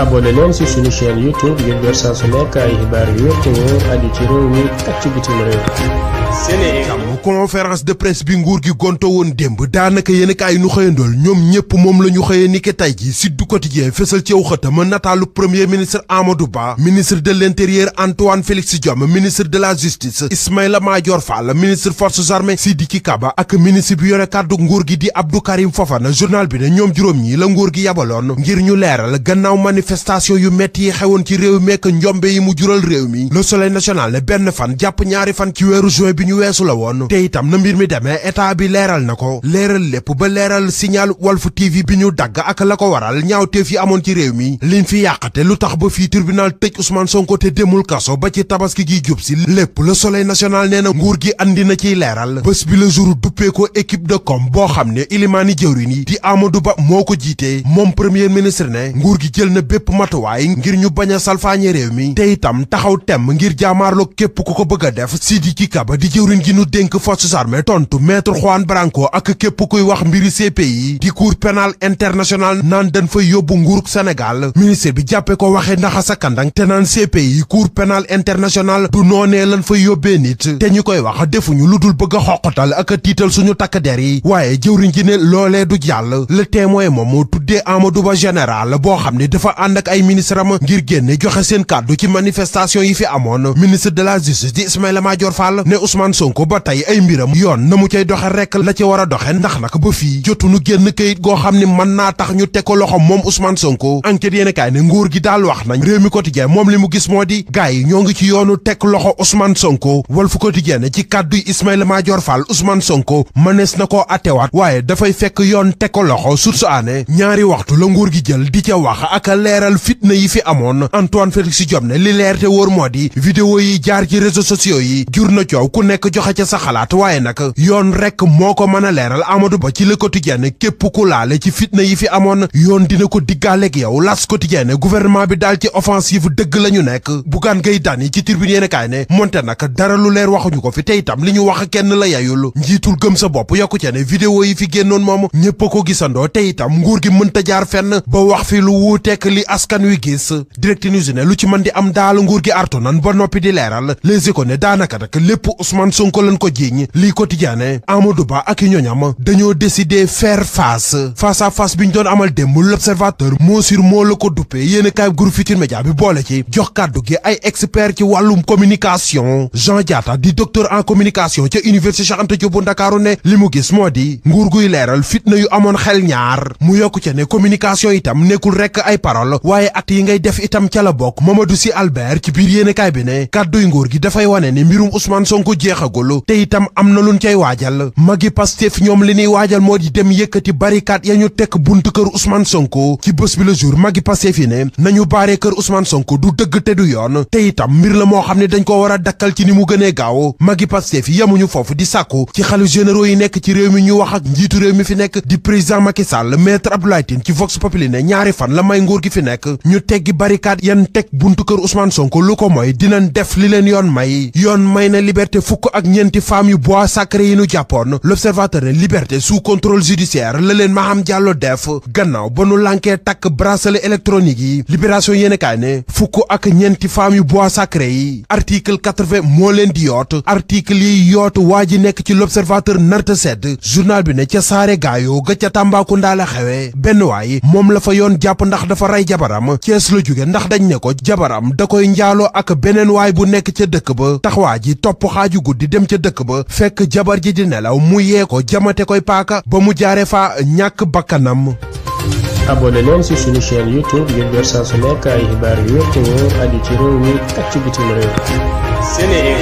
abonné leen ci suñu chaîne YouTube ngir door su nekk ay xibaar yu wér te wóor aju ci réew mi ak conférence de presse bi nguur gi gonto woon démb daanaka yéen kaay nu xëyandool ñoom ñëpp moom la ñu xëyee ni ki tey ji Sud Quotidien fësal ci aw xëtam nataalu premier ministre Amadou Ba ministre de l'intérieur Antoine Félix Diome ministre de la justice Ismaïla Madior Fall ministre forces armées Sidiki Kaba ak ministre bi yore kàddu nguur gi di Abdou Karim Fofana journal bi na ñoom juróom ñi la nguur gi yabaloon ngir ñu leeral gannaaw manifestation yu metti yi xewoon ci réew mekk njombe yi mu jural réew mi le soleil benn fan jàpp ñaari fan ci weeru juin bi ñu weesu la woon tey itam na mbir mi demee état bi leeral na ko leeral lépp ba leeral signal Walf TV bi ñu dagg ak la ko waral ñaaw teef yi amoon ci réew mi liñ fi te lu tax ba fii tribunal tëj Ousmane Sonko te demul kaso ba ci tabaski gi jub si lépp la soleil national nee na nguur gi andi na ciy leeral bés bi le jour duppee ko équipe de kom boo xam ne ilimaani jëwrin yi di Amadou Ba moo ko jiitee moom premier ministre ne nguur gi jël na bépp matuwaay ngir ñu bañ a salfaañe réew mi te itam taxaw temm ngir jaamaarloo képp ku ko bëgg a def Sidiki Kaba di jëwrin gi nu dénk forces armées tontu maître Juan Branco ak képp kuy wax mbiri yi di cour penal international naan dañ fa yóbbu nguurug Sénégal ministre bi jàppe ko waxe ndaxa sa kandang te naan CPI cour pénal international du noonee lan fa yóbbee nit te ñu koy wax defuñu lu dul bëgg a xoqatal ak tiital suñu takk der yi waaye jëwriñ ji ne loolee du jàll le témoin moom moo tuddee Amadou Ba général boo xam ne dafa ànd ak ay ministre am ngir génne joxe seen kàddu ci manifestation yi fi amoon ministre de la justice di Ismaïla Madior Fall ne Ousmane Sonko ba tey ay mbiram yoon na mu cay doxe rek la ci war a doxe ndax nag ba fii jotunu génn kayit goo xam ni man naa tax ñu teg ko loxo moom Ousmane Sonko enquête yéen kaay ne nguur gi daal wax nañ réew mi quotidien moom li mu gis moo di gars yi ñoo ngi ci yoonu teg loxo Ousmane Sonko Walf Quotidien ci kàdduy Ismaïla Madior Fall Ousmane Sonko mënees na ko koo attewaat waaye dafay fekk yoon teg ko loxo sursu aane ñaari waxtu la nguur gi jël di ca wax ak leeral fitna yi fi amoon Antoine Félix Diome ne li leer te wóor moo di vidéo yi jaar ci réseaux sociaux yi jur na coow ku xalaat waaye nag yoon rek moo ko mën a leeral Amadou Ba ci Le Quotidien képp ku laale ci fitna yi fi amoon yoon dina ko diggaaleeg yow L'As Quotidien gouvernement bi daal ci offensive dëgg la ñu nekk Bougane Gueye yi ci Tribune yéen kaay ne monte nag dara lu leer waxuñu ko fi te itam li ñu wax kenn la yayul njiitul gëm sa bopp yokku ca ne vidéo yi fi génnoon moom ñëpp ko gisandoo te itam nguur gi mënta jaar fenn ba wax fi lu tekk li askan wi gis Direct News lu ci mën di am daal nguur gi artu nan ba noppi di leeral Les Échos ne daanaka nag lépp Ousmane Sonko lañ ko ji ligne lii quotidien Amadou Ba ak ñoñam dañoo décider faire face face à face bi ñu doon amal démb l'observateur moo sur moo la ko duppe yéen kaay groupe Futurs Médias bi boole ci jox kàddu gi ay expert ci wàllum communication Jean Diatta di docteur en communication ca université Cheikh Anta bu Ndakaaru ne li mu gis moo di nguur guy leeral fitna yu amoon xel ñaar mu yokku ca ne communication itam nekkul rekk ay parole waaye at yi ngay def itam ca la bokk Mamadou Sy Albert ci biir yéen kaay bi ne kàdduy nguur gi dafay wane ne mbirum Ousmane Sonko jeexagul itam am na luñ cay waajal magi Pastef ñoom li ñuy waajal moo di dem yëkkati barikaat ñu tekk buntu kër Ousmane Sonko ci bés bi le jour magi Pastef yi ne nañu baaree kër Ousmane Sonko du dëgg te du yoon te itam mbir la moo xam ne dañ ko war a dakkal ci ni mu gënee gaaw magi Pastef yi yemuñu foofu di sàkku ci xalu généraux yi nekk ci réew mi ñuy wax ak njiitu réew mi fi nekk di président Macky Sall maître Abdoulaye Tine ci Vox Populi ne ñaari fan la may nguur gi fi nekk ñu teggi barikaat yan teg buntu kër Ousmane Sonko lu ko mooy dinañ def li leen yoon may yoon may na liberté fukk ak ñeenti mbaam yu bois sacré yi nu jàppoon l'observateur ne liberté sous la leen Maham Diallo def gannaaw ba nu lànkee takk bracelet électronique yi libération yéen fukk ak ñeenti femmes yu bois sacré yi article 80 moo leen di yoot article yi yoot waa ji nekk ci l'observateur narta sedd journal bi ne ca saare gaayo ga ca Tambacounda la xewe benn waay moom la fa yoon jàpp ndax dafa rey jabaram Cees la jóge ndax dañ ne ko jabaram da koy njaaloo ak beneen waay bu nekk ca dëkk ba tax waa ji topp xaaju guddi dem ca dëkk ba ba fekk jabar ji di nelaw mu yee ko jamate koy paaka ba mu jaare fa ñàkk bakkanam abonné leen ci suñu chaîne youtube ngir jot saa su nekk ay xibaar yu wér te wóor aju ci réew mi ak ci bitim réew